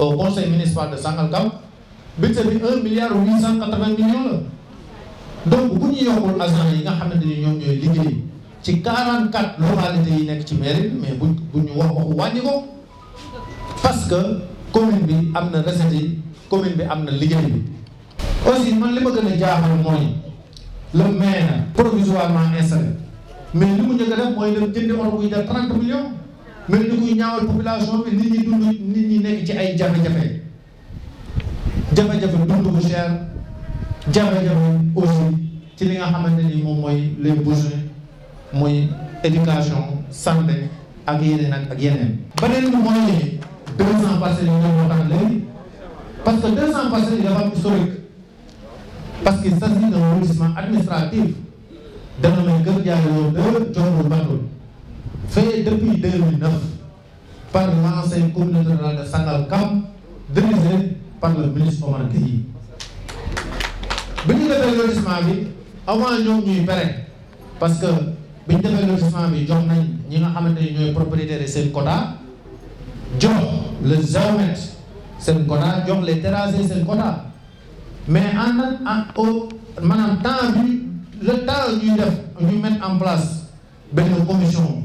au conseil municipal de Sangalkam budget bi un milliard huit cent quatre-vingts millions la donc bu ñu yokkul agent yi nga xam xamante ni ñoom ñooy liggéey ci 44 localités yi nekk ci mairie mais buñ bu ñu wax waxu wàññi ko parce que commune bi am na recette yi commune bi am na liggéey bi aussi man li ma gën a jaaxal mooy le maire provisoirement installé mais li mu njëkk a def mooy dem jëndi oto buy def 30 millions mel ni kuy ñaawal population bi nit ñi dund nit ñi nekk ci ay jafe-jafe jafe-jafe bu cher jafe-jafe aussi ci li nga xamante ni moom mooy les besoins mooy éducation santé ak yeneen ak ak yeneen. beneen bi mooy ne 200 parcelles yi ñoom moo tax parce que 200 parcelles yi dafa am historique parce que il s'agit d'un lotissement administratif dana may gën jaay loolu de joxul bandul fait depuis 2009 par l'ancien communauté de de Sangalkam, dirigée par le ministre Omar Gueye. bi ñu defee lotissement bi avant ñoom ñuy pare parce que bi ñu defee lotissement bi jox nañ ñi nga xamante ni ñooy propriétaires seen quota jox le géomètre seen quota jox les terrasiers seen quota mais en en au maanaam temps bi le temps ñuy def ñu mettre en place une commission.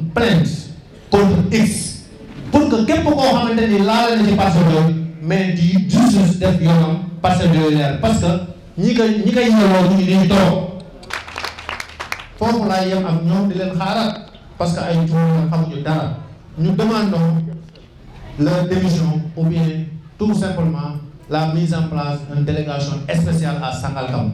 plainte contre X pour que képp koo xamante ni laal na ci parcelles yooyu mais di justice def yoonam parcelles yooyu parce que ñi nous ñi koy yelloo ñu ngi nii toog foofu laay yem ak ñoom di leen xaaraat parce que Nous juróom xamuñu dara ñu demandons leur démission ou bien tout simplement la mise en place d'une délégation spéciale à Sangalkam.